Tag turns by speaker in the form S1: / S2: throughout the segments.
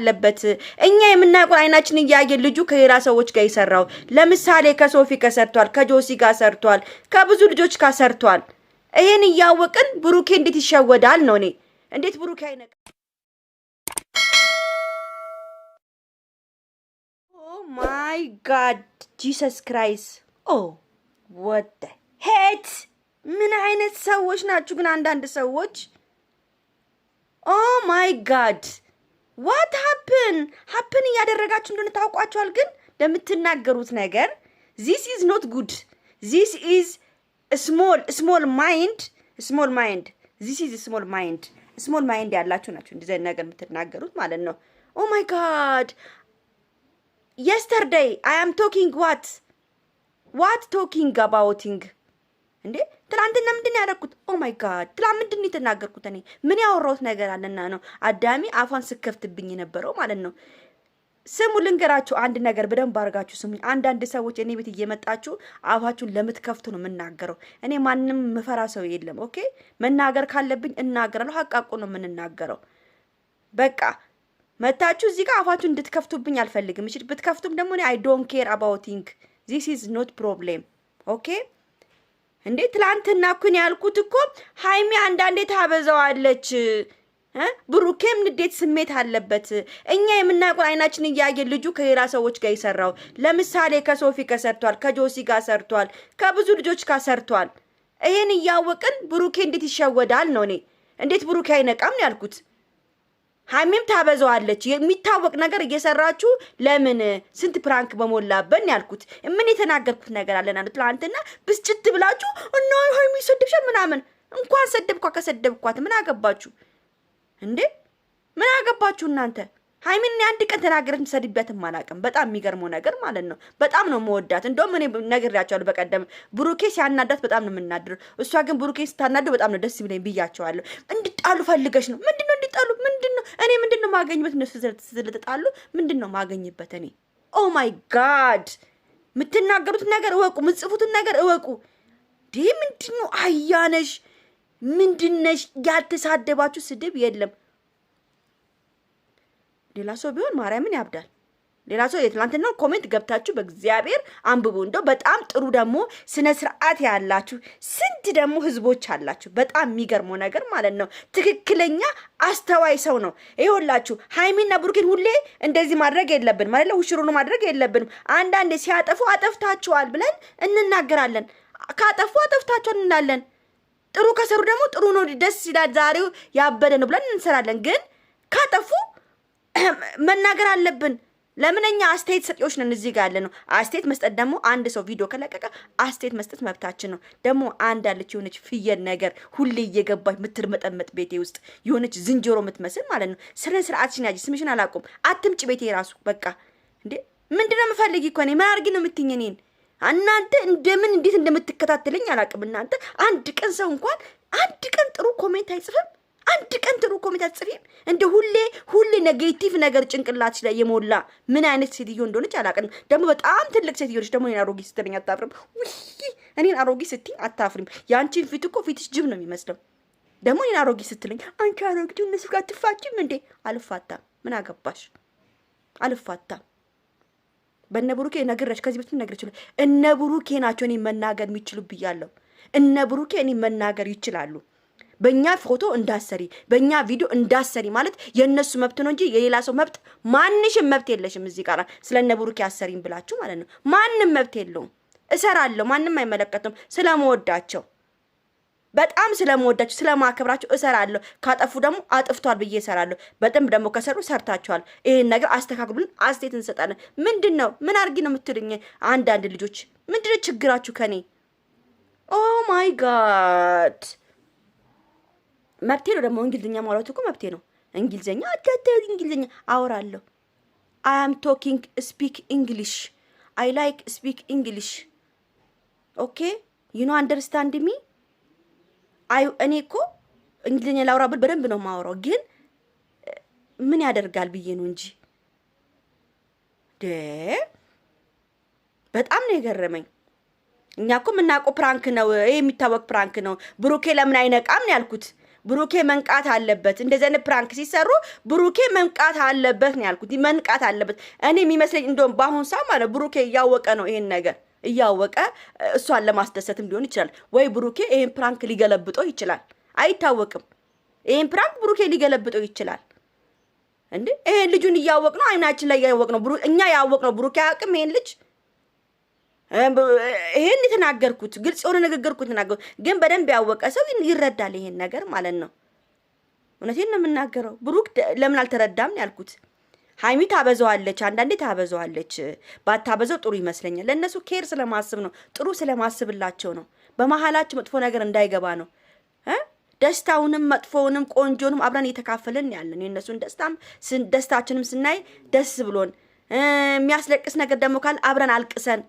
S1: አለበት እኛ የምናውቀው አይናችን እያየ ልጁ ከሌላ ሰዎች ጋር ይሰራው። ለምሳሌ ከሶፊ ጋር ሰርቷል፣ ከጆሲ ጋር ሰርቷል፣ ከብዙ ልጆች ጋር ሰርቷል። ይሄን እያወቅን ብሩኬ እንዴት ይሸወዳል ነው እኔ እንዴት ብሩኬ አይነቃ ማይ ጋድ ጂሰስ ክራይስት ኦ ወደ ሄት ምን አይነት ሰዎች ናችሁ ግን አንዳንድ ሰዎች ኦ ማይ ጋድ ዋት ሀፕን ሀፕን እያደረጋችሁ እንደሆነ ታውቋቸዋል። ግን ለምትናገሩት ነገር ዚስ ኢዝ ኖት ጉድ ዚስ ኢዝ ስሞል ስሞል ማይንድ ስሞል ማይንድ ዚስ ኢዝ ስሞል ማይንድ ስሞል ማይንድ ያላችሁ ናቸው እንደዚህ ነገር የምትናገሩት ማለት ነው። ኦ ማይ ጋድ የስተርደይ አይ አም ቶኪንግ ዋት ዋት ቶኪንግ አባውቲንግ እንዴ ትላንትና ምንድን ነው ያደረኩት? ኦ ማይ ጋድ ትላንት ምንድን ነው የተናገርኩት? እኔ ምን ያወራሁት ነገር አለና ነው አዳሚ አፏን ስከፍትብኝ የነበረው ማለት ነው። ስሙ ልንገራችሁ፣ አንድ ነገር በደንብ አድርጋችሁ ስሙኝ። አንዳንድ ሰዎች እኔ ቤት እየመጣችሁ አፋችሁን ለምትከፍቱ ነው የምናገረው። እኔ ማንም ምፈራ ሰው የለም። ኦኬ መናገር ካለብኝ እናገራለሁ። ሀቃቁ ነው የምንናገረው። በቃ መታችሁ እዚህ ጋር አፋችሁን እንድትከፍቱብኝ አልፈልግም። እሺ ብትከፍቱም ደግሞ እኔ አይ ዶንት ኬር አባውት ቲንክ ዚስ ኢዝ ኖት ፕሮብሌም ኦኬ እንዴ ትላንትና እኮ ያልኩት እኮ ሀይሚ አንዳንዴ ታበዛዋለች። ብሩኬም ንዴት ስሜት አለበት። እኛ የምናውቀው አይናችን እያየ ልጁ ከሌላ ሰዎች ጋር ይሰራው። ለምሳሌ ከሶፊ ጋር ሰርቷል፣ ከጆሲ ጋር ሰርቷል፣ ከብዙ ልጆች ጋር ሰርቷል። ይሄን እያወቅን ብሩኬ እንዴት ይሸወዳል ነው እኔ እንዴት ብሩኬ አይነቃም ነው ያልኩት። ሀሚም ታበዛዋለች። የሚታወቅ ነገር እየሰራችሁ ለምን ስንት ፕራንክ በሞላበን ያልኩት ምን የተናገርኩት ነገር አለን አሉ ትላንትና ብስጭት ብላችሁ እና ሀይሚ ሰደብሻል ምናምን። እንኳን ሰደብኳ ከሰደብኳት ምን አገባችሁ እንዴ? ምን አገባችሁ እናንተ? ሀይሚን አንድ ቀን ተናገረች ሰድቢያትም አላውቅም። በጣም የሚገርመው ነገር ማለት ነው። በጣም ነው መወዳት። እንደውም እኔ ነግሬያቸዋለሁ በቀደም ብሩኬ ሲያናዳት በጣም ነው የምናድር፣ እሷ ግን ብሩኬ ስታናደው በጣም ነው ደስ ብለኝ ብያቸዋለሁ። እንድጣሉ ፈልገች ነው ምንድነው ሲጣሉ ምንድን ነው እኔ ምንድን ነው ማገኝበት? እነሱ ስለተጣሉ ምንድን ነው ማገኝበት? እኔ ኦ ማይ ጋድ! የምትናገሩትን ነገር እወቁ፣ የምትጽፉትን ነገር እወቁ። ዴ ምንድን ነው? አያነሽ ምንድን ነሽ? ያልተሳደባችሁ ስድብ የለም። ሌላ ሰው ቢሆን ማርያምን ያብዳል። ሌላ ሰው የትላንትናው ኮሜንት ገብታችሁ በእግዚአብሔር አንብቡ። እንደው በጣም ጥሩ ደግሞ ስነ ስርዓት ያላችሁ ስንት ደግሞ ህዝቦች አላችሁ። በጣም የሚገርመው ነገር ማለት ነው ትክክለኛ አስተዋይ ሰው ነው። ይኸውላችሁ ሀይሚና ብሩኬን ሁሌ እንደዚህ ማድረግ የለብን ማለት ውሽሩን ማድረግ የለብንም። አንዳንዴ ሲያጠፉ አጠፍታችኋል ብለን እንናገራለን። ካጠፉ አጠፍታችኋል እንላለን። ጥሩ ከሰሩ ደግሞ ጥሩ ነው፣ ደስ ይላል፣ ዛሬው ያበደ ነው ብለን እንሰራለን። ግን ካጠፉ መናገር አለብን። ለምንኛ አስተያየት ሰጪዎች ነን። እዚህ ጋር ያለ ነው አስተያየት መስጠት። ደግሞ አንድ ሰው ቪዲዮ ከለቀቀ አስተያየት መስጠት መብታችን ነው። ደግሞ አንድ ያለች የሆነች ፍየል ነገር ሁሌ እየገባች ምትርመጠመጥ ቤቴ ውስጥ የሆነች ዝንጀሮ ምትመስል ማለት ነው። ስለ ስርዓትሽን ያጅ ስምሽን አላቆም አትምጭ ቤቴ ራሱ በቃ እንዴ ምንድነው የምፈልግ እኮ እኔ ምን አድርጊ ነው የምትይኝ እኔን? እናንተ እንደምን እንዴት እንደምትከታተለኝ አላውቅም። እናንተ አንድ ቀን ሰው እንኳን አንድ ቀን ጥሩ ኮሜንት አይጽፍም። አንድ ቀን ጥሩ ኮሜንት አትጽፊም። እንደ ሁሌ ሁሌ ኔጌቲቭ ነገር ጭንቅላትሽ ላይ የሞላ ምን አይነት ሴትዮ እንደሆነች አላውቅም። ደግሞ በጣም ትልቅ ሴትዮ ነች። ደግሞ እኔን አሮጊት ስትለኝ አታፍርም? ውይ እኔን አሮጊት ስትይ አታፍሪም? የአንቺን ፊት እኮ ፊትሽ ጅብ ነው የሚመስለው። ደግሞ እኔን አሮጊት ስትለኝ አንቺ አሮጊቱ እነሱ ጋር ትፋችም እንዴ? አልፋታ ምን አገባሽ? አልፋታ በእነ ብሩኬ ነግረሽ ከዚህ በፊት ነግረች እነ ብሩኬ ናቸው እኔ መናገር የሚችሉ ብያለሁ። እነ ብሩኬ እኔ መናገር ይችላሉ። በእኛ ፎቶ እንዳሰሪ፣ በእኛ ቪዲዮ እንዳሰሪ ማለት የእነሱ መብት ነው እንጂ የሌላ ሰው መብት ማንሽም መብት የለሽም። እዚህ ጋር ስለነ ብሩኬ አሰሪም ብላችሁ ማለት ነው። ማንም መብት የለውም። እሰራለሁ፣ ማንም አይመለከትም። ስለመወዳቸው በጣም ስለመወዳቸው ስለማከብራቸው እሰራለሁ። ካጠፉ ደግሞ አጥፍቷል ብዬ እሰራለሁ። በደንብ ደግሞ ከሰሩ ሰርታችኋል፣ ይህን ነገር አስተካክሉን አስቴት እንሰጣለን። ምንድን ነው ምን አርጊ ነው የምትሉኝ? አንዳንድ ልጆች ምንድነው ችግራችሁ ከኔ? ኦ ማይ ጋድ መብቴ ነው ደግሞ እንግሊዝኛ ማውራት እኮ መብቴ ነው። እንግሊዝኛ አጋተ እንግሊዝኛ አወራለሁ። አይ አም ቶኪንግ ስፒክ እንግሊሽ አይ ላይክ ስፒክ እንግሊሽ ኦኬ ዩ ኖ አንደርስታንድ ሚ አይ እኔ እኮ እንግሊዝኛ ላውራ ብል በደንብ ነው የማወራው፣ ግን ምን ያደርጋል ብዬ ነው እንጂ ደ በጣም ነው የገረመኝ። እኛ እኮ የምናውቀው ፕራንክ ነው፣ ይሄ የሚታወቅ ፕራንክ ነው። ብሩኬ ለምን አይነቃም ነው ያልኩት። ብሩኬ መንቃት አለበት። እንደዚህ ዘን ፕራንክ ሲሰሩ ብሩኬ መንቃት አለበት ነው ያልኩት። መንቃት አለበት እኔ የሚመስለኝ እንደውም በአሁን ሰ ማለት ብሩኬ እያወቀ ነው ይሄን ነገር እያወቀ እሷን ለማስደሰትም ሊሆን ይችላል። ወይ ብሩኬ ይሄን ፕራንክ ሊገለብጦ ይችላል፣ አይታወቅም። ይሄን ፕራንክ ብሩኬ ሊገለብጦ ይችላል። እንዴ ይሄን ልጁን እያወቅ ነው አይናችን ላይ እያወቅ ነው እኛ ያወቅ ነው ብሩኬ አያውቅም ይሄን ልጅ ይሄን የተናገርኩት ግልጽ የሆነ ንግግርኩት ተናገሩ። ግን በደንብ ያወቀ ሰው ይረዳል ይሄን ነገር ማለት ነው። እውነቴን ነው የምናገረው። ብሩክ ለምን አልተረዳም ያልኩት። ሀይሚ ታበዘዋለች፣ አንዳንዴ ታበዘዋለች። ባታበዘው ጥሩ ይመስለኛል። ለእነሱ ኬር ስለማስብ ነው፣ ጥሩ ስለማስብላቸው ነው። በመሀላቸው መጥፎ ነገር እንዳይገባ ነው። ደስታውንም መጥፎውንም ቆንጆንም አብረን እየተካፈልን ያለን የእነሱን ደስታም ደስታችንም ስናይ ደስ ብሎን የሚያስለቅስ ነገር ደግሞ ካለ አብረን አልቅሰን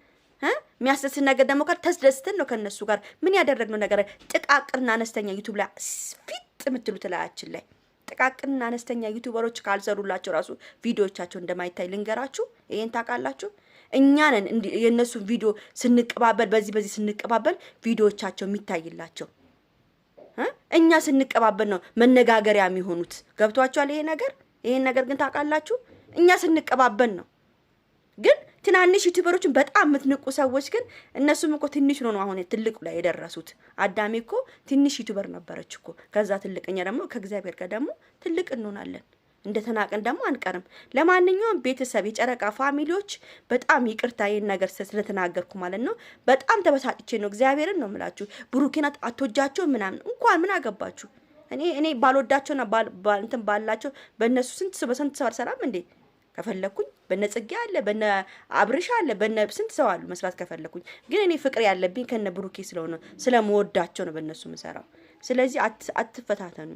S1: የሚያስደስት ነገር ደግሞ ጋር ተስደስተን ነው ከነሱ ጋር ምን ያደረግነው ነገር ጥቃቅንና አነስተኛ ዩቱብ ላይ ፊጥ የምትሉት ላያችን ላይ ጥቃቅንና አነስተኛ ዩቱበሮች ካልሰሩላቸው ራሱ ቪዲዮቻቸው እንደማይታይ ልንገራችሁ። ይሄን ታውቃላችሁ። እኛ ነን የእነሱን ቪዲዮ ስንቀባበል፣ በዚህ በዚህ ስንቀባበል ቪዲዮቻቸው የሚታይላቸው እኛ ስንቀባበል ነው መነጋገሪያ የሚሆኑት። ገብቷችኋል? ይሄ ነገር ይሄን ነገር ግን ታውቃላችሁ፣ እኛ ስንቀባበል ነው ግን ትናንሽ ዩቱበሮችን በጣም የምትንቁ ሰዎች ግን እነሱም እኮ ትንሽ ነው ነው አሁን ትልቁ ላይ የደረሱት። አዳሜ እኮ ትንሽ ዩቱበር ነበረች እኮ ከዛ ትልቅኛ ደግሞ ከእግዚአብሔር ጋር ደግሞ ትልቅ እንሆናለን። እንደ ተናቅን ደግሞ አንቀርም። ለማንኛውም ቤተሰብ የጨረቃ ፋሚሊዎች በጣም ይቅርታ ይህን ነገር ስለተናገርኩ ማለት ነው። በጣም ተበሳጭቼ ነው እግዚአብሔርን ነው ምላችሁ። ብሩኬና አቶጃቸው ምናምን እንኳን ምን አገባችሁ? እኔ እኔ ባልወዳቸውና እንትን ባላቸው በእነሱ ስንት በስንት ሰር ሰላም እንዴ ከፈለኩኝ በነ ጽጌ አለ በነ አብርሽ አለ በነ ስንት ሰው አሉ መስራት ከፈለኩኝ። ግን እኔ ፍቅር ያለብኝ ከነ ብሩኬ ስለሆነ ስለመወዳቸው ነው በእነሱ ምሰራው። ስለዚህ አትፈታተኑ።